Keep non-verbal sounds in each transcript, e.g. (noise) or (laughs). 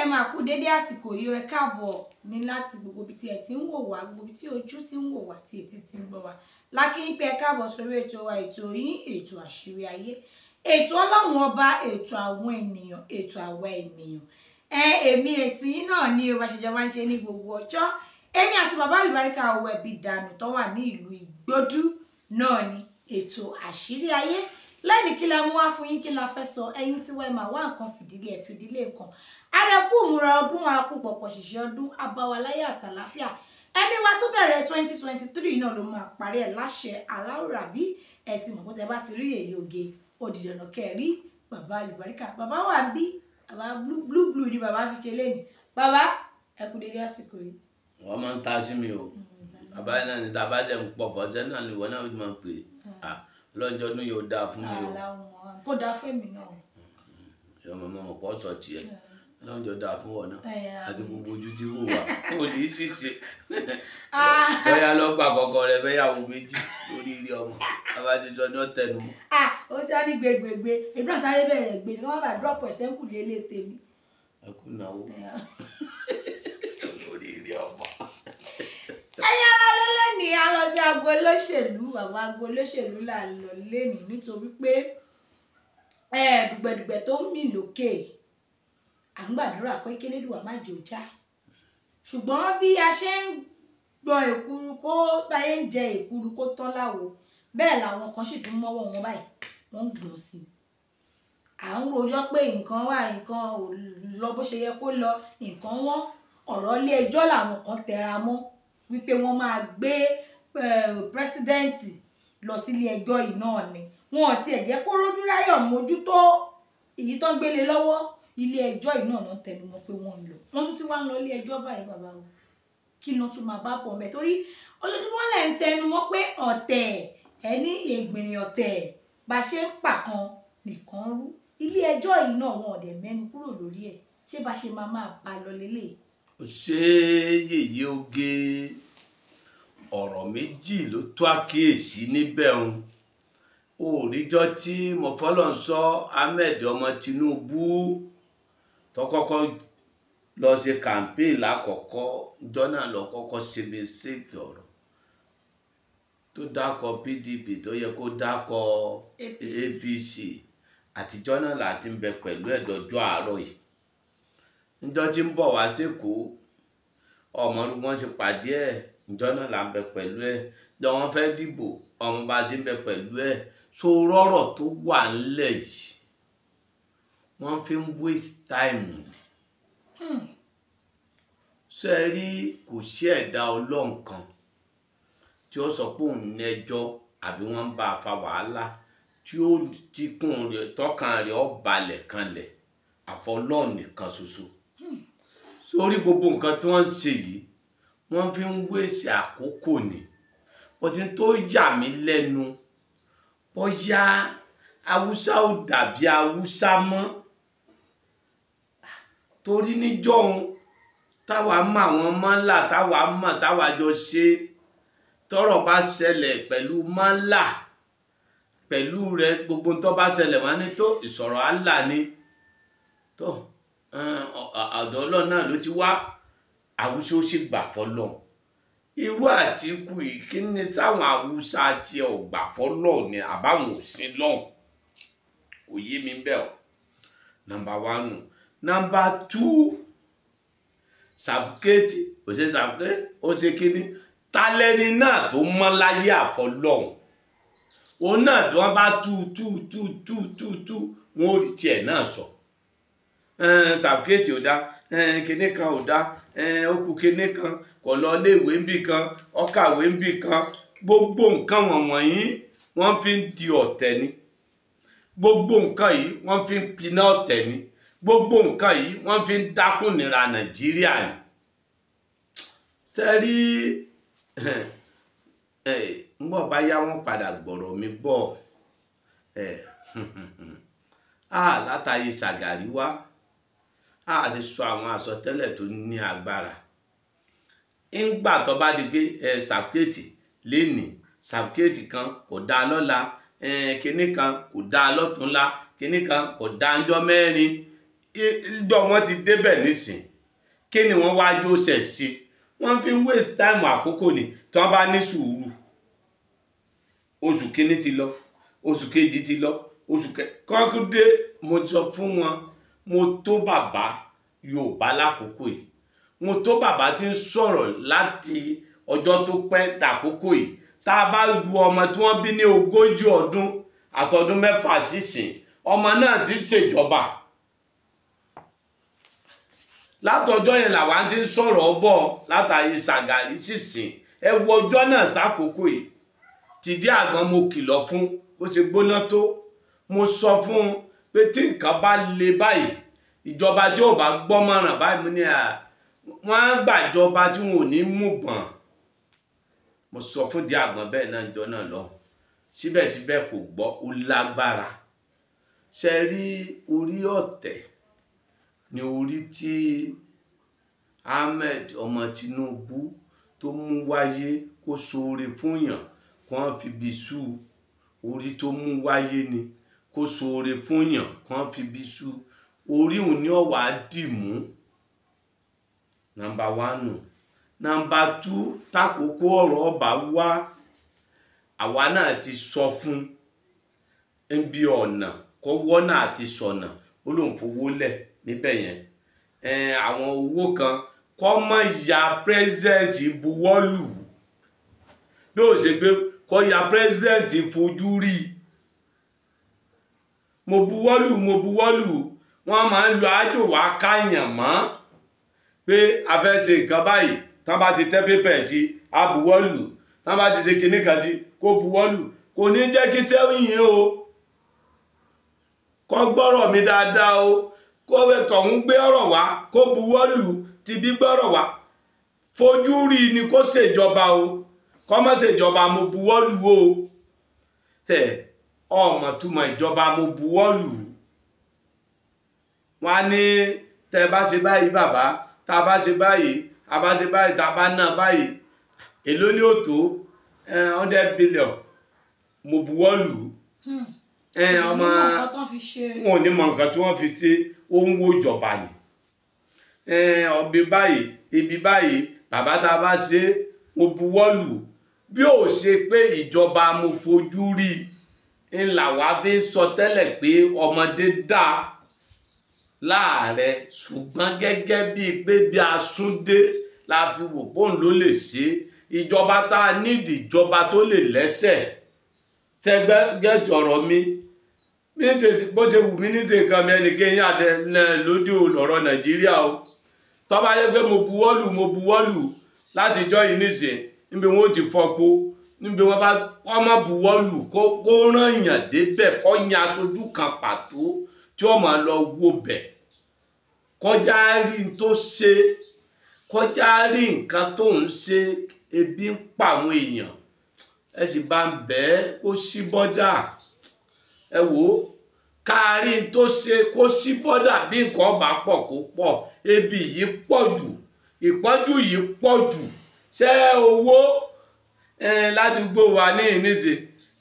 ẹ máa kú dédé àsìkò yìí ẹ káàbọ̀ ní láti gbogbo ibi tí ẹ ti ń wò wá gbogbo ibi tí ojú ti ń wò wá tí etí ti ń gbọ́ wá lákìí pé ẹ káàbọ̀ sórí ètò wa ètò yín ètò àṣírí ayé ètò ọlọ́run ọba ètò àwọn ènìyàn ètò àwa ènìyàn ẹ èmi ètì yín náà ni o bá máa ń ṣe ní gbogbo ọjọ́ èmi àti bàbá àlùbáríkà ọwọ́ ẹbí dànù tó wà ní ìlú ìgbódú náà ni ètò àṣírí ayé lẹ́ni kí la mú wá fún yín kí la fẹ́ sọ ẹ̀yin tí wọ́n máa wá nǹkan fìdílé ẹ̀ fìdílé nǹkan adẹ́kù múra ọdún akú pọ̀pọ̀ ṣìṣẹ́ ọdún abáwaláyé àtàláfíà ẹbí wa tó bẹ̀rẹ̀ twenty twenty three náà ló máa parí ẹ̀ láṣẹ aláwòrán àbí ẹ̀ ti mọ̀ pé tẹ bá ti rí èyí oge òdìdì ọ̀nà kẹrí bàbá àlùbáríkà bàbá wà ń bí bàbá blue blue ni bàbá fi ṣe lẹ́nu bàbá ẹ kú dédé àsìkò yìí. wọ́n máa ń ta sí mi o bàbá yẹn náà ni tá a bá jẹ́ pọ̀ fọ́jẹ́ náà ni wọ́n náà ó máa pè é mm lọ́jọ́ ní yóò dáa fún mi o. kó dáa fún èmi náà. ìyọ̀mọ̀ mọ̀ mọ̀ pọ̀ sọ tiẹ̀ hmm. lọ́jọ́ dáa fún ọ náà àti gbogbo ojú tí wò wá kò ní í sì ṣe. (laughs) Ah. bóyá lọ́gbà kọ̀ọ̀kan rẹ̀ fẹ́yàwó méjì lórí ilé ọmọ abájọjọ náà tẹnu mọ́. Ah, ó ti wá ní gbẹgbẹgbẹ èmi náà sáré bẹ̀rẹ̀ gbé ni wọ́n bá dọ́pọ̀ ẹ̀sẹ̀ kù lélẹ̀ tèmi. ẹ kú náwó (laughs) lórí ilé ọmọ ẹ̀yin ará lélẹ̀ ni a lọ sí agbo olóṣèlú àwọn agbo olóṣèlú là ń lọ lẹ́nu nítorí pé dùgbẹ̀dùgbẹ̀ tó ń mì lókè à ń gbàdúrà pé kélédùwà má jò já ṣùgbọ́n bí a ṣe ń gbọ́n èkuru kó báyé ń jẹ èkuru kó tán láwo bẹ́ẹ̀ làwọn kan sì tún mọ́wọ́ wọn báyìí wọ́n ń gbọ́n sí i à ń rojọ́ pé nǹkan wà nǹkan ò lọ bó ṣe yẹ kó lọ nǹkan wọ́n ọ̀rọ̀ ilé ẹjọ́ làwọn kan tẹra mọ́ wípé wọ́n máa gbé pírẹsidẹ́ǹtì lọ sílé ẹjọ́ yìí náà ni wọn ò tiẹ̀ jẹ́ kó Rójúráyọ̀ mójútó èyí tó ń gbélé lọ́wọ́ ilé ẹjọ́ yìí náà náà tẹnu mọ́ pé wọ́n ń lọ wọ́n tún ti wá ń lọ ilé ẹjọ́ báyìí bàbá o kí ló tún máa bá pọ̀ mẹ́ torí ojoojúmọ́ lẹ̀ ń tẹnu mọ́ pé ọ̀tẹ̀ ẹ̀ ní ègbìnrin ọ̀tẹ̀ bá ṣe ń pàkan nìkan rú ilé ẹjọ́ yìí náà wọn ò dẹ̀ mẹ́nu kúrò lórí ẹ̀ ṣé bá ṣe máa máa bá lọ lélẹ́yìí ṣé yèyé oge ọ̀rọ̀ méjì ló tó àkíyèsí níbẹ̀ ń òríjọ́ tí mọ̀fọ́lọ́nsọ ahmed ọmọ tinubu tó kọ́kọ́ lọ ṣe kàmpéè lákọ̀ọ́kọ́ jọ́nà lọ kọ́kọ́ ṣe mistake ọ̀rọ̀ tó dákọ̀ pdp tó yẹ kó dákọ̀ apc àtijọ́ náà láti ń bẹ pẹ̀lú ẹ̀dọ́jọ́ àárọ̀ yìí níjọ́ tí ń bọ̀ wá sékòó ọmọ orúkọ ṣe pàdé ẹ̀ níjọ́ náà là ń bẹ pẹ̀lú ẹ̀ jọ wọ́n fẹ́ dìbò ọmọ bá ṣe ń bẹ pẹ̀lú ẹ̀ so rọ́rọ̀ tó wà ńlẹ̀ yìí wọ́n fi ń waste time hmm. ṣe é rí kò sí ẹ̀dá ọlọ́run kan tí ó sọ pé òun nẹjọ́ àbí wọ́n ń bá a fa wàhálà tí ó ti kún rẹ̀ tọ́kàn rẹ̀ ó balẹ̀ kanlẹ̀ àfọlọ́ọ̀ nìkan ṣoṣo sórí gbogbo nǹkan tí wọ́n ń ṣe yìí wọ́n fi ń wéṣẹ̀ àkókò ni wọ́n ti ń tó yà mí lẹ́nu bóyá haúsá ò dàbí haúsá mọ́ torí níjọ́hun táwa mọ àwọn mọ́là táwa mọ̀ táwa jọ ṣe tọ́rọ̀ bá ṣẹlẹ̀ pẹ̀lú mọ́là pẹ̀lú rẹ gbogbo tó bá ṣẹlẹ̀ wọn ní tó ìsọ̀rọ̀ àlà ni tó àdọ́ ọlọ́run náà ló ti wá àwùjọ sì gbà fọlọ́ irú àtìkù yìí kí ni sáwọn àwùjọ àti ọ̀gbà fọlọ́ ni àbáwọn òsín lọ́hùn kò yé mi bẹ́ẹ̀ o nọmba wánù nọmba tú sàbùkẹ́tì ó ṣe sàbùkẹ́ ó ṣe kínní tálẹ́ni náà tó mọ́ láyé àfọlọ́hùn òun náà tí wọ́n bá tú tú tú tú tú tú wọn ò rí tiẹ̀ náà sọ Eh, sàbùkẹ́ẹ̀tì ò dá eh, kinní kan ò dá okù eh, kinní kan kò lọ iléèwé ńbì kan ọkàwé ńbì kan gbogbo nǹkan yìí wọ́n fi ń di ọ̀tẹ̀ ni gbogbo nǹkan yìí wọ́n fi ń piná ọ̀tẹ̀ ni gbogbo nǹkan yìí wọ́n fi ń nira nàìjíríà ni sẹ́rí (coughs) ńgbọ́ bá yá wọn padà gbọ̀rọ̀ mi bọ̀ (laughs) ah, látàyè ṣàgàrí wá. a ti sọ àwọn àsọtẹ́lẹ̀ tó ní agbára ńgbà tó bá di pé ẹ sàkúrètì lénìí sàkúrètì kan kò dáa lọ́la ẹ kinní kan kò dáa lọ́túnla kinní kan kò dáa ńjọ́ mẹ́rin ìjọ wọn ti débẹ̀ nísìn kí ni wọ́n wá jó ṣẹ̀ sí wọ́n fi ń waste time àkókò ni tí wọ́n bá ní sùúrù oṣù kínní ti lọ oṣù kejì ti lọ oṣù kẹ kọ́kúndé mo sọ fún wọn mo tó bàbá yorùbá lákòókò yìí mo tó bàbá tí ń sọ̀rọ̀ láti ọjọ́ tó pẹ́ dàkókò yìí tá a bá lu ọmọ tí wọ́n bí ní ogójì ọdún àtọdún mẹ́fà sísìn ọmọ náà ti ṣèjọba látọjọ́ yẹn làwa ti ń sọ̀rọ̀ bọ̀ látàrí Ṣàgàrí sísìn ẹ wo ọjọ́ náà sákòókò yìí tìdí àgbọn mo kìlọ̀ fún bó ṣe gbóná tó mo sọ fún un pé tí nǹkan bá le báyìí ìjọba tí ò bá gbọ́mọ̀ràn báyìí mo ní à wọ́n á gbàjọba tí wọn ò ní mú bọ̀n mo sọ fún di àgbọ̀n bẹ́ẹ̀ náà jọ náà lọ síbẹ̀síbẹ̀ kò gbọ́ ó lágbára ṣe rí orí ọ̀tẹ̀ ní orí tí Ahmed ọmọ Tinubu tó mú wáyé kó ṣoore fúnyàn kó wọn fi bí sú orí tó mú wáyé ni kó ṣoore fún yàn kán fi bí sú orí òun ní ọ̀wà dì mú nàmbà wánù nàmbà tú tákòókò ọ̀rọ̀ ọba wá àwa náà ti sọ fún ń bí ọ̀nà kọ́wọ́ náà ti sọ̀nà ó lóun fowó lẹ̀ níbẹ̀ yẹn àwọn owó kan kọ́ mọ̀ ya president buwọ́lù bí ó ṣe pé kọ́ ya president fojú rí i mo buwọ́lù mo buwọ́lù wọ́n máa ń lo ájò wá káyàn mọ́ pé a fẹ́ ṣe nǹkan báyìí tán bá ti tẹ́ pépẹ̀ sí a buwọ́lù tán bá ti ṣe kinní kan sí kó buwọ́lù kò ní jẹ́ kí sẹ́yìn o kọ́ gbọ́rọ̀ mi dáadáa o kó tọ̀hún gbé ọ̀rọ̀ wá kó buwọ́lù ti bí gbọ́rọ̀ wá fojú rí ni kó ṣèjọba o kọ́ má ṣèjọba mo buwọ́lù o tẹ̀ ọmọ túmọ̀ ìjọba mo buwọ́ lù ú wọn á ní tẹ bá ṣe báyìí bàbá tá a bá ṣe báyìí a bá ṣe báyìí tá bá ná báyìí èló ni ó tó hundred billion mo buwọ́ lù ú ọmọ wọn ò ní mọ nǹkan tí wọ́n fi ṣe ó ń wo ìjọba ni ọbẹ báyìí ibi báyìí bàbá tá a bá ṣe mo buwọ́ lù bí ó ṣe pé ìjọba mo fojú rí i ńlá wa fi ń sọ tẹ́lẹ̀ pé ọmọdé dá láàrẹ ṣùgbọ́n gẹ́gẹ́ bíi pé bí a súndé la fi wò pọ́n ló lè ṣe ìjọba tá a nídìí ìjọba tó lè lẹ́sẹ̀ sẹgbẹ́ gẹ́tì ọ̀rọ̀ mi bí ṣe bó ṣe wù mí níṣe nǹkan mi ẹnìkéyìn àdẹ lódì ọ̀rọ̀ nàìjíríà o tọ́ba yẹ pé mo buwọ́lù mo buwọ́lù látijọ́ yìí níṣe níbi wọn ò ti fọ́pọ́ níbi wọn bá ọmọ buwọ́lù kó rán èèyàn débẹ̀ kó yan aṣojú kan pàtó tí ọmọ lọ wo bẹ̀ kọjá rí n tó ṣe kọjá rí nǹkan tó ń ṣe ebi ń pa àwọn èèyàn ẹ sì bá ń bẹ̀ ẹ́ kó ṣí bọ́dà ẹ wò ó kárí n tó ṣe kó ṣí bọ́dà bí nǹkan bá pọ̀ kó pọ̀ ebi yìí pọ̀ jù ìpọ́njú yìí pọ̀ jù ṣé owó ládùúgbò wa ní ìníṣe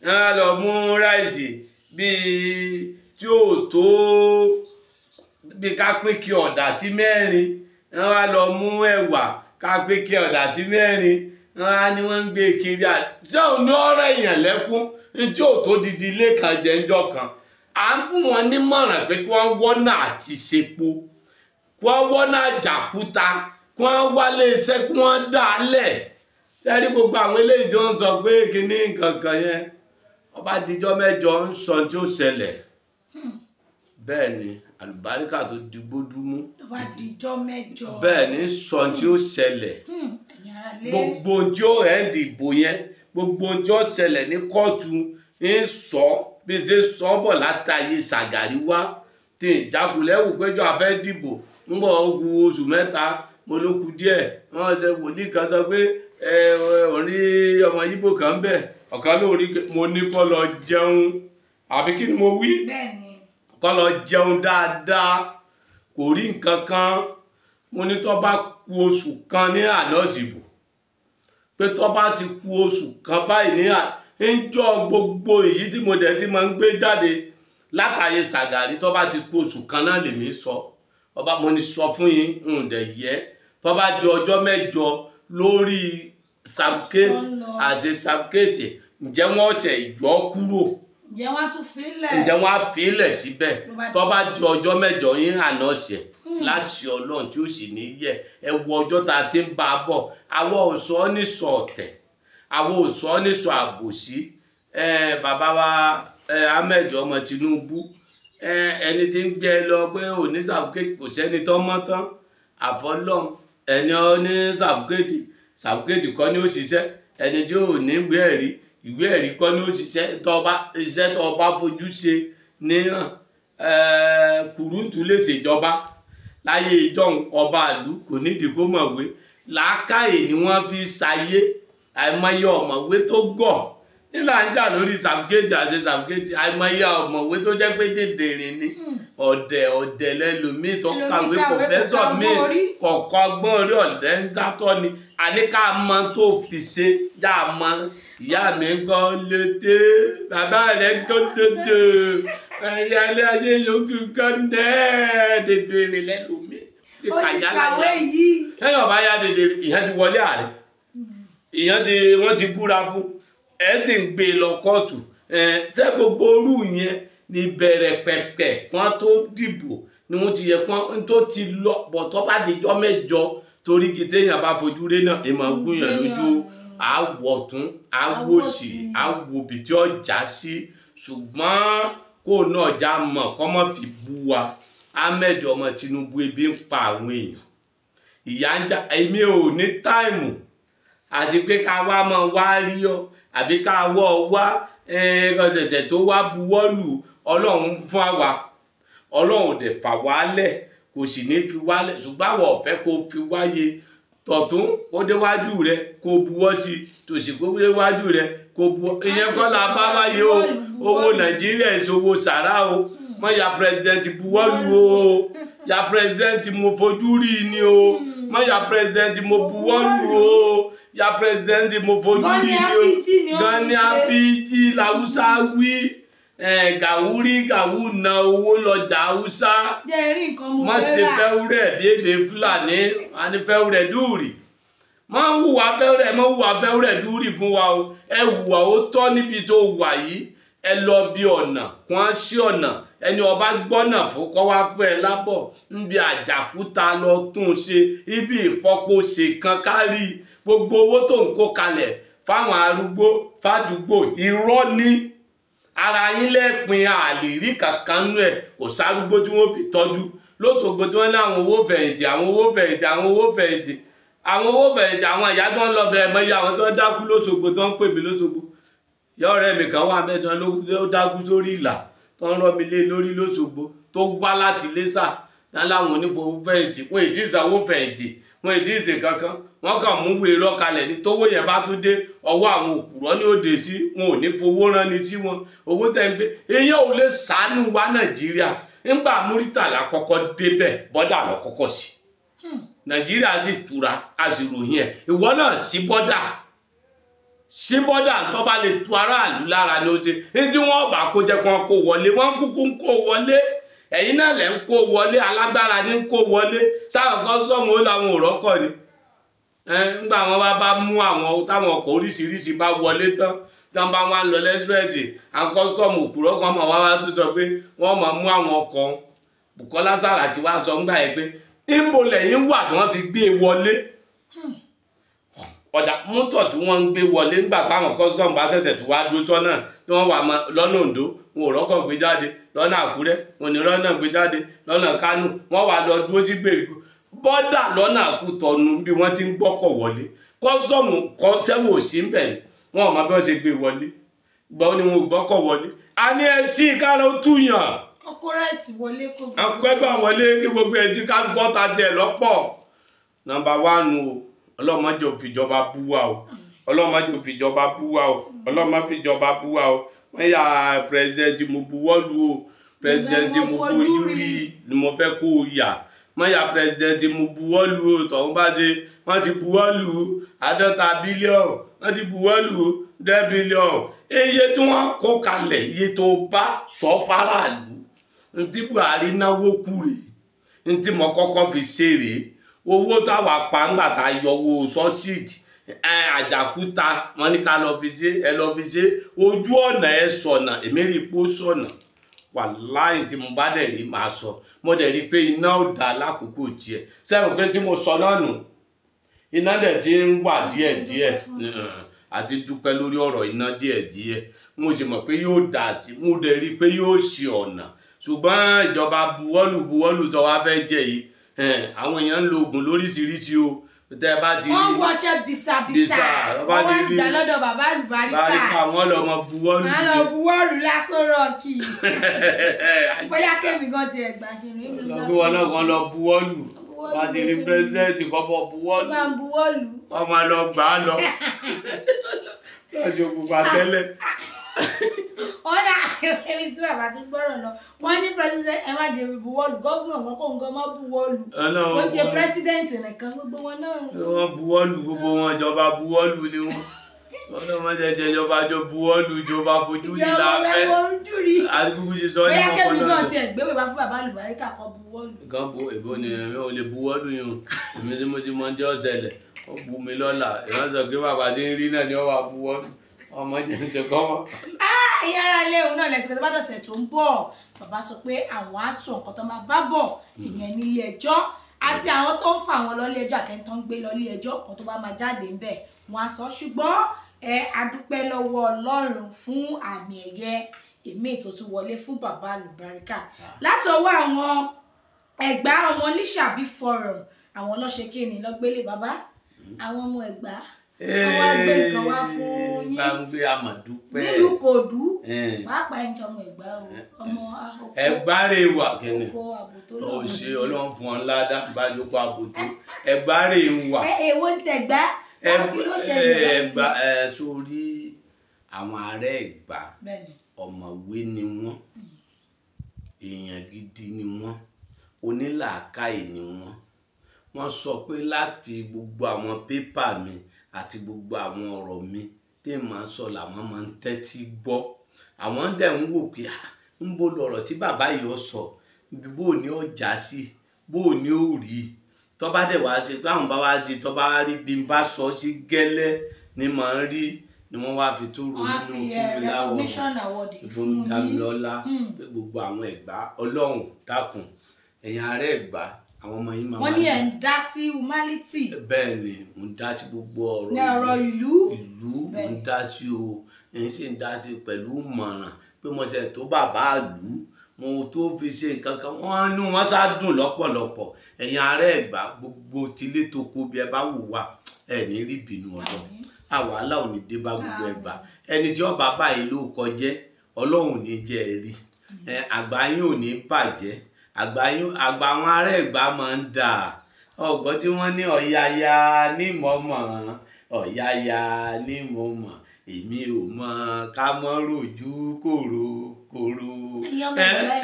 a lọ mú ráìsì bíi tí ó tó bí ká kí ọ̀dà sí mẹ́rin wọ́n lọ mú ẹ̀wà ká kí ọ̀dà sí mẹ́rin wọ́n ní wọ́n gbé kiri à ní ọ̀rọ̀ èèyàn kan jẹ́ ńjọ́ kan à ń fún wọn nímọ̀ràn pé kí wọ́n kí wọ́n sẹ́rí gbogbo àwọn eléyìí tó ń sọ pé kíní kankan yẹn ọba dijọ́ mẹ́jọ ń sọ tí ó ṣẹlẹ̀ bẹ́ẹ̀ ni àlùbáríkà tó digbódúmú ọba dijọ́ ni sọ tí ó ṣẹlẹ̀ hmm, gbogbo tí ó ẹ̀ ń dìbò yẹn gbogbo tí ó ṣẹlẹ̀ ní kóòtù ń sọ bí ṣe sọ bọ̀ látàyè ṣàgàrí wá tí ìjákulẹ̀ wò péjọ afẹ́ dìbò ń bọ̀ ogun oṣù mẹ́ta mo ló kù díẹ̀ wọ́n ṣe wòlíì kan sọ pé orí ọmọ yíbò kan bẹ̀ ọ̀kan lórí mo ní kó lọ jẹun àbí kí ni mo wí kó lọ jẹun dáadáa kò rí nǹkan kan mo ní tó bá ku oṣù kan ní àlọ́sìbò pé tó bá ti ku oṣù kan báyìí ní àjọ gbogbo èyí tí mo dẹ̀ ti máa ń gbé jáde látàyè sàgàrí tó bá ti ku oṣù kan náà lèmi sọ ọba mo ní sọ fún yín ǹdẹ̀ yẹ tó bá di ọjọ́ mẹ́jọ lórí sabuketi àṣe sabuketi ǹjẹ́ wọ́n ṣe ìjọ kúrò ǹjẹ́ wọ́n á tún fílẹ̀ ǹjẹ́ wọ́n á fílẹ̀ síbẹ̀ tó bá di ọjọ́ mẹ́jọ yín àná ṣe hmm. láṣẹ ọlọ́run tí ó sì ní yẹ ẹ wo ọjọ́ tá a ti ń bá a bọ̀ àwọn òsọ nìsọ ọ̀tẹ̀ àwọn òsọ nìsọ àbòsí bàbá wa Ahmed ọmọ Tinubu ẹni tí ń gbé ẹ e lọ pé onísàbùkẹ́tì kò sẹ́ni tó mọ́ tán àfọlọ́n ẹni onísàbùkẹ́tì sàbùkẹ́tì kọ́ ni ó ẹni tí ò ní ìwé ẹ̀rí ìwé ẹ̀rí kọ́ ni ó ṣiṣẹ́ iṣẹ́ tọ́ba fojú ṣe níran eh, kùrùntù lè ṣèjọba láyé ìjọhún ọba àlú kò nídìí kó mọ̀wé làákàyè ni wọ́n fi ṣayé àìmọye ọ̀mọ̀wé tó gọ̀ nílà ń jà lórí sàmkéjì àṣẹ sàmkéjì àìmọye ọ̀mọ̀wé tó jẹ́ pé dèdèrìn ni hmm. ọ̀dẹ̀ ọ̀dẹ̀ lẹ́lòmíì tó kàwé pòfẹ́sọ̀ míì kọ̀ọ̀kan gbọ́n orí ọ̀dẹ̀ ń dátọ́ ni àníká mọ tó fi ṣe yá mọ ìyá mi ń kọ́ lété bàbá rẹ̀ ń kọ́ lété ẹ̀yà ilé ayé yòókù kan dẹ́ dèdèrìn lẹ́lòmíì. ó ti kàwé yìí. kẹ́yọ̀ bá yá dèdèrìn ìyẹn ti wọlé àárẹ̀ ìyẹn ti wọ́n ti búra fún ẹ sì ń gbé lọ kóòtù ṣé gbogbo orú yẹn ní bẹ̀rẹ̀ pẹ̀pẹ̀ kan tó dìbò ni wọ́n ti yẹ kan tó ti lọ pọ̀ tó bá dijọ́ mẹ́jọ torí gidi èèyàn bá fojú rẹ náà èèmọ̀ gúnyàn lójú àwọ̀tún àwòsì àwòbí tí ó já sí ṣùgbọ́n kó náà já mọ̀ kọ́mọ́ fi bú wa Ahmed ọmọ Tinubu ebi ń pa àwọn èèyàn ìyá ń já èmi ò ní táìmù àti pé ká wá mọ wá rí ọ àbí ká wọ́ ọ wá ọ̀sẹ̀sẹ̀ tó wá buwọ́ lù ọlọ́run fún àwa ọlọ́run ò dẹ̀ fà wá lẹ̀ kò sì ní fi wá lẹ̀ ṣùgbọ́n àwọn ọ̀fẹ́ kò fi wáyé tọ̀tún kó déwájú rẹ kó buwọ́ sí tòsí kó déwájú rẹ kó buwọ́ ìyẹn kọ́ la bá wáyé o owó nàìjíríà ìṣòwò sàrà o mọ ya president buwọ́ lù o ya president mo fojú rí ni o. Mm mọ ya president mo buwọ́lù o ya president mo fojú rí o gani apiji làwùsá wí gàwúrí gàwú na owó lọjà haúsá mọ ṣe fẹ́wúrẹ́ bí èdè fúlàní àní fẹ́wúrẹ́ dùúrì mọ hùwà fẹ́wúrẹ́ mọ hùwà fẹ́wúrẹ́ dùúrì fún wa o ẹ hùwà ó tọ́ níbi tó wà yìí ẹ lọ bí ọ̀nà kàn sí ọ̀nà ẹni ọba gbọ́nà fún kọ́ wá fún ẹ lábọ̀ níbi àjàkúta lọ tún ṣe ibi ìfọpo ṣe kan kárí gbogbo owó tó ń kó kalẹ̀ fáwọn arúgbó fádùúgbò irọ́ ní ara yín lẹ́pin àlè rí kankan nú ẹ̀ kò sárúgbó tí wọ́n fi tọ́jú lóṣogbo tí wọ́n ní àwọn owó fẹ̀yìntì àwọn owó fẹ̀yìntì àwọn owó fẹ̀yìntì àwọn owó fẹ̀yìntì àwọn ìyá tó ń lọ bẹ̀rẹ̀ mọ́ iye àwọn tó ń dákú lóṣogbo tó ń pè mí lóṣogbo ìyá ọ̀rẹ́ mi kan wà mẹ́tọ́ ló dákú sórí ìlà tó ń rọ́ mi lé lórí lóṣogbo tó wá láti lẹ́sà láwọn onífowó fẹ̀yìntì wọn èdè ìsanwó fẹ̀yìntì wọn èdè ìsìn kankan wọn kàn mú wèé rọ kalẹ̀ ní tówó yẹn bá tún dé ọwọ́ àwọn òkúrọ́ ní òde sí wọn ò ní fowó ránni sí wọn owó tẹ̀ ń gbé eyín ò lè sàánú wa nàìjíríà ńgbà múrítàlá kọ́kọ́ débẹ̀ bọ́dà lọ kọ́kọ́ sí hmm. nàìjíríà sì tura a sì ròyìn ẹ̀ ìwọ náà sí bọ́dà síbọ́dà tó bá lè tu aráàlú lára ni ó ṣe ní tí wọ́n bá kó jẹ́ kán kó wọlé wọ́n kúkú ń kó wọlé ẹ̀yin náà lẹ́ ń kó wọlé alágbára ní ń kó wọlé sáwọn kan sọ̀mù ó làwọn ò rọ́kọ̀ ni nígbà wọn bá bá mú àwọn táwọn ọkọ̀ oríṣiríṣi bá wọlé tán tán bá wọn lọ lẹ́sírẹ́ẹ̀dì àwọn kọ́sítọ́ọ̀mù òpùrọ̀ kan mọ̀ wá wá tún sọ pé wọ́n máa mú àwọn ọkọ̀ Bùkọ́lá Sàràkí wá sọ ńgbà yẹn pé ńbo lẹ́yìn wà tí wọ́n ti gbé e wọlé. Hmm. ọ̀dà mọ́tò tí wọ́n ń gbé wọlé nígbà táwọn kọ́sítọ́ọ̀mù bá ṣẹ̀ṣẹ̀ tó wá dúró sọ́nà tí wọ́n wà lọ́nà Oǹdó wọn ò rọ́kọ̀ gbé jáde lọ́nà Àkúrẹ́ wọn gbé jáde lọ́nà wọ́n wà lọ dúró sí bọ́dà lọ́nà Àkútọ̀nù bí wọ́n ti ń gbọ́kọ̀ wọlé kọ́sítọ́ọ̀mù kọ́sẹ́wò sí ń bẹ̀ wọn ò mọ bí wọ́n ṣe gbé a ọlọ́run má jẹ́ ó fìjọba bú wa o ọlọ́run má jẹ́ ó fìjọba bú wa o ọlọ́run má fìjọba bú wa o wọ́n yà president mo buwọ́ lu o president mo fojú rí ni mo fẹ́ kó o yà wọ́n yà president mo buwọ́ lu o tọ̀hún bá ṣe wọ́n ti buwọ́ lu àádọ́ta bílíọ̀nù wọ́n ti buwọ́ lu dẹ́ bílíọ̀nù iye tí wọ́n kó kalẹ̀ iye tó bá sọ faraàlú ntí Buhari náwó kú rèé ntí mo kọ́kọ́ fi ṣe rèé owó táwa pa ńgbà tá a yọ owó ẹ àjàkúta wọn ní ká ẹ lọ fi ṣe ojú ọ̀nà ẹ sọ̀nà èmi rí i pé ó tí mo bá dẹ̀ rí màá sọ mo dẹ̀ rí pé iná ò dá lákòókò tiẹ̀ pé tí mo sọ náà nù iná dẹ̀ ti ń wà díẹ̀díẹ̀ àti dúpẹ́ lórí ọ̀rọ̀ iná díẹ̀díẹ̀ mo sì mọ̀ jẹ àwọn èèyàn ń lo oògùn lóríṣiríṣi o tẹ bá ti rí wọn wọṣẹ bisabisa wọn wá gbà lọ́dọ̀ bàbá àlùbáríkà bàríkà wọn lọ mọ buwọ́lù (laughs) wọn lọ buwọ́lù lásán rọọkì bóyá kẹmí gan ti ẹgbà kiri lọ sí náà wọn lọ buwọ́lù wọn ti rí pírẹsidẹǹtì kọ bọ buwọ́lù wọn máa lọ gbà á lọ láti ògùn pàtẹ́lẹ̀ wọ́n dà ẹbí tí bàbá tún gbọ́rọ̀ lọ wọ́n ní president ẹ má jẹ buwọ́lù gọ́fúnà wọn kò ń gan má buwọ́lù wọ́n jẹ president nìkan gbogbo wọn náà. wọ́n buwọ́lù gbogbo wọn jọba buwọ́lù ni wọ́n wọ́n náà wọ́n jẹjẹ ìjọba jọ buwọ́lù ìjọba fojú ní láfẹ́ adigungun ti sọ ní wọn kọ́ lọ́sọ̀. kẹ́mi náà tiẹ̀ gbé bàbá fún bàbá àlùbáríkà kan buwọ́lù. nǹkan bu èbó ni èmi ò lè buwọ́lù yìí o èmi tí mo ti mọ jẹ́ ọ̀sẹ̀ lẹ̀ ó bu mi lọ́la ọmọ jẹun ṣe kọ́ mọ́. Ah, ẹ̀yin ará ilé òun náà lẹ́sìn pé tó bá dọ̀sẹ̀ tó ń bọ̀ bàbá sọ pé àwọn á sọ nǹkan tó máa bá bọ̀ ìyẹn nílé ẹjọ́ àti àwọn tó ń fa àwọn lọ́lé ẹjọ́ àtẹni tó ń gbé lọ́lé ẹjọ́ kan tó bá máa jáde ń bẹ̀ wọ́n á sọ ṣùgbọ́n ẹ adúpẹ́ lọ́wọ́ Ọlọ́run fún àmì ẹ̀yẹ èmi ètò tún wọlé fún bàbá àlùbáríkà ah. láti ọwọ́ àwọn Ẹ̀gbá ọmọ Lísàbí forum àwọn ọlọ́ṣẹ́ kí ni lọ́gbélé wá gbé nǹkan wá fún eh, yín gbàngbé amọ̀dúpẹ́ nílùú kòdú pàápàá eh. ẹni eh, ọmọ ẹgbà o ọmọ akókò ẹgbà rè wà kẹ́nẹ̀ o ṣe ọlọ́run fún ọ ńlá dá bá yókò àbòtó ẹgbà rè wà. èwo ń tẹ̀gbá kí ló ṣẹlẹ̀ ẹgbà ẹ sórí àwọn ààrẹ ẹgbà ọ̀mọ̀wé ni wọ́n èèyàn gidi ni wọ́n onílàákàyè ni wọ́n wọ́n sọ pé láti gbogbo àwọn pépà mi. Mm àti gbogbo àwọn ọ̀rọ̀ mi tí màá sọ làwọn máa ń tẹ́tí gbọ́ àwọn dẹ̀ ń wò pé ń bo lọ̀rọ̀ tí bàbá yìí ọ sọ bó ni ó já sí bó ni ó rí tọ́ba dẹ̀ wá ṣe pé àwọn bá wá tọ́ba rí bí n bá sọ sí gẹ́lẹ́ ni màá rí ni wọ́n wá fi tó ronú nínú fúnmi eh, láwọ̀ fún Dámilọ́lá hmm. pé gbogbo àwọn Ẹ̀gbá Ọlọ́run dákun ẹ̀yin ará Ẹ̀gbá àwọn ọmọ yín máa wọ́n ní ẹ̀ ń dá sí humanity. bẹ́ẹ̀ ni mò ń dá sí gbogbo ọ̀rọ̀ ọ̀rọ̀ ìlú ìlú mò ń dá sí o ẹ̀yin sì ń dá sí pẹ̀lú mọ̀ràn pé mo ṣe tó bàbá ìlú mo tó fi ṣe nǹkan kan wọ́n ní wọ́n sá dùn lọ́pọ̀lọpọ̀ ẹ̀yin ará Ẹ̀gbá gbogbo tilé tó kó bí ẹ bá wù wá ẹ̀ ní rí bínú ọ̀dọ̀ àwàhálà ò ní dé bá gbogbo Ẹ̀gbá ẹni tí ọba báyìí ló kọjẹ́ Ọlọ́run ní jẹ́ ẹ rí àgbáyé ò ní bàjẹ́ àgbà àwọn ará Ẹ̀gbá máa ń dà ọgbọ́n tí wọ́n ní ọ̀yàyà ní mọ̀mọ́ ọ̀yàyà ní mọ̀mọ́ èmi ò mọ ká mọ́ rojú kòrò kòrò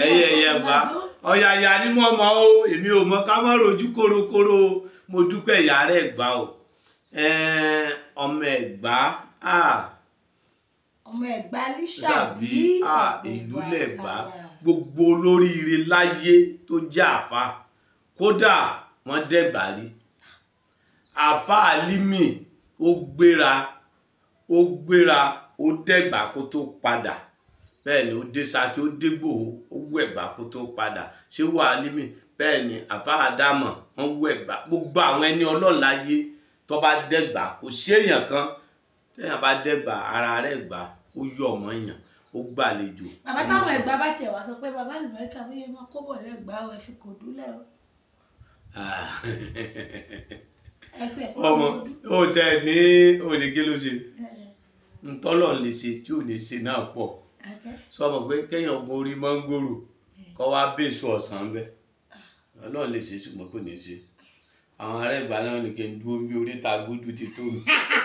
ẹyẹ ẹyẹ bá ọ̀yàyà ní mọ̀mọ́ o èmi ò mọ ká mọ́ rojú kòrò kòrò mo dúpẹ́ ìyá ará Ẹ̀gbá o ọmọ Ẹ̀gbá ọmọ Ẹ̀gbá ní sàbí ìlú lẹ̀gbá gbogbo olóríire láyé tó jẹ́ àfa kódà wọ́n dẹ̀gbà rí àfa àlímì ó gbéra ó gbéra ó dẹ̀gbà kó tó padà bẹ́ẹ̀ ni ó dé Ṣakí ó dégbò ó wú ẹ̀gbà kó tó padà ṣé wà àlímì bẹ́ẹ̀ ni àfa àdámọ̀ wọ́n wú gbogbo àwọn ẹni ọlọ́run tó bá dẹ̀gbà kò sí kan téèyàn bá dẹ̀gbà ara rẹ̀ gbà ó yọ ọmọ èèyàn ó gbàlejò. bàbá táwọn ẹ̀gbá bá tiẹ̀ wá sọ pé bàbá àlùbáríkà bóyá ẹ máa kó bọ̀ lẹ́gbà ọ ẹ fi kò dúlẹ̀ o. Ah. ọmọ o tẹ ní olè gé ló ṣe ntọ́lọ̀ lè ṣe tí ò lè ṣe náà pọ̀ sọmọ pé kéèyàn gun orí mángòrò kọ́ wá bẹ́ẹ̀sù ọ̀sán bẹ́ẹ̀ ọlọ́run lè ṣe ṣùgbọ́n kò ní ṣe àwọn ará ìgbà náà ní kí n dúró bí oríta gúdú ti tó mi. (laughs)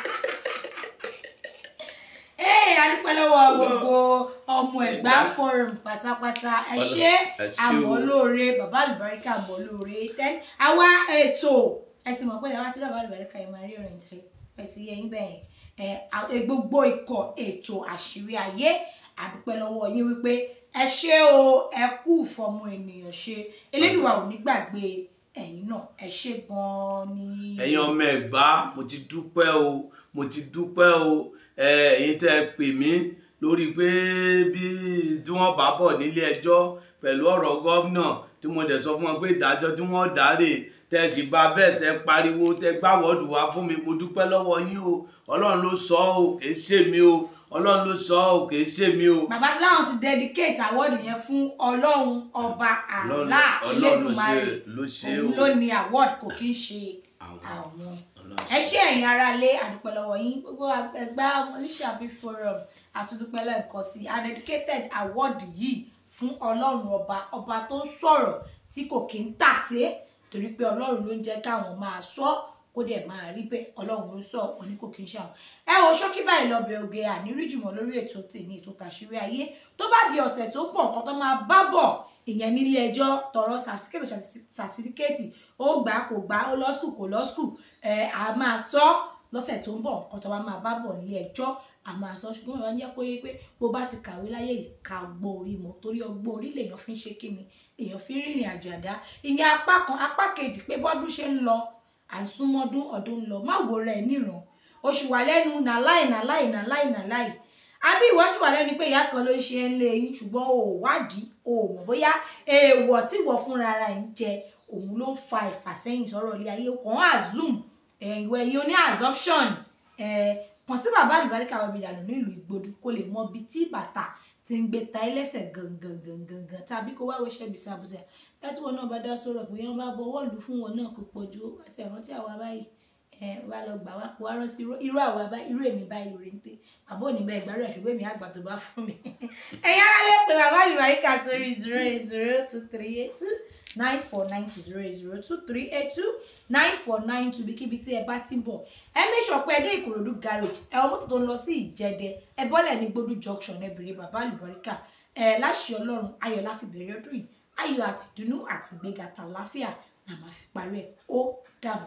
adúpẹ́ lọ́wọ́ gbogbo ọmọ Ẹ̀gbá forum pátápátá ẹ ṣé àmọ́ lóore bàbá àlùbáríkà àmọ́ lóore then àwa ètò ẹ sì mọ̀ pé àwa sí bàbá àlùbáríkà ẹ̀ máa rí ọ̀rìn tí ẹ ti yẹ ń gbẹ̀yìn ẹ gbogbo ikọ̀ ètò àṣírí ayé àdúpẹ́ lọ́wọ́ yín wípé ẹ ṣé o ẹ kú ìfọmọ ènìyàn ṣe elédùnwà ò ní gbàgbé ẹ̀yin náà ẹ ṣé gan-an ni. ẹ̀yin ọmọ Ẹ̀gbá mo ti dúpẹ́ o mo ti dúpẹ́ o ẹ̀yin tẹ́ pè mí lórí pé bí tí wọ́n bá bọ̀ nílé ẹjọ́ pẹ̀lú ọ̀rọ̀ gómìnà tí mo dẹ̀ sọ fún wọn pé ìdájọ́ tí wọ́n dáre tẹ́ sì bá bẹ́ẹ̀ tẹ́ pariwo tẹ́ gbá wọ́ọ̀dù wá fún mi mo dúpẹ́ lọ́wọ́ yín o ọlọ́run ló sọ ọ́ kì í ṣe mi o ọlọ́run ló sọ ọ́ kì í ṣe mi o. bàbá tí láwọn ti dedicate awọ́ọ̀dù yẹn fún ọlọ́run ọba àlá Elédùmarè òun ló ní awọ́ọ̀dù kò kí ń ṣe àwọn ẹ ṣé ẹ̀yin aráalé àdúpẹ́ lọ́wọ́ yín gbogbo ẹgbẹ́ Ọmọníṣàbí forum àtúndúpẹ́ lẹ́ẹ̀kan sí a dedicated award yìí fún ọlọ́run ọba ọba tó ń sọ̀rọ̀ tí kò kí ń tàsé torí pé ọlọ́run ló ń jẹ́ káwọn máa sọ kó dẹ̀ máa rí bẹ́ẹ̀ ọlọ́run ló sọ òní kò kí ń ṣàwọn. ẹ wo ṣókí báyìí lọ bẹ oge àníorí jùmọ̀ lórí ètò tèmi ètò tàṣírí ayé tó bá di ọ̀sẹ̀ tó pọ̀ nǹkan tó máa bá bọ̀ ìyẹn nílé ẹjọ́ tọrọ sàtífíkẹ́tì ó gbà kò gbà ó lọ skul kò lọ skul a máa sọ lọ́sẹ̀ tó ń bọ̀ nǹkan tó bá máa bá bọ̀ nílé ẹjọ́ a máa sọ ṣùgbọ́n ìwà ń jẹ́ kó yé pé bó bá ti kàwé láyé ìka gbọ́ orí mọ́ torí ọgbọ́n orí lèèyàn fi ń ṣe kí ni èèyàn fi ń rìnrìn àjò àdá ìyẹn apá kan apá kejì pé bọ́dún ṣe ń lọ àìsúnmọ́dún ọdún ń lọ má wo rẹ̀ níran oṣù wà lẹ́nu nàláì nàláì nàláì nàláì àbí ìwọ ṣì wà lẹ́nu pé ìyá kan ló ń ṣe ń lé yín ṣùgbọ́n o ò wádìí o ò mọ̀ bóyá èèwọ̀ tí ìwọ fúnra ara ẹ̀ ń jẹ òun ló ń fa ìfàsẹ́yìn sọ̀rọ̀ ilé ayé kàn án zoom ẹ̀wẹ̀ yìí ó ní assumption kàn sí bàbá àlùbáríkà ọbẹ̀ ìdàlù nílùú ìgbòdú kó lè mọ ibi tí bàtà ti ń gbé ta ẹlẹ́sẹ̀ gangan tàbí kó wá wẹṣẹ́ bí sàbùsà láti wọn náà bá dá sọ̀rọ̀ pé wọ́n bá bọ wọ́ọ̀lù fún wọn náà kó pọ̀jù àti àrántí àwa báyìí wa lọ gbà wá wá rántí irú àwa bá irú èmi bá irú rente bàbá òní bá ìgbàlú èmi àgbà bá fún mi. (laughs) ẹ̀yin ará lè pe bàbá àlùbáríkà sórí zero eight zero two three eight two nine four nine two zero ti ń bọ̀ ẹ garage ẹ lọ junction ẹ bèrè bàbá ẹ ayọ láfi ọdún yìí làmà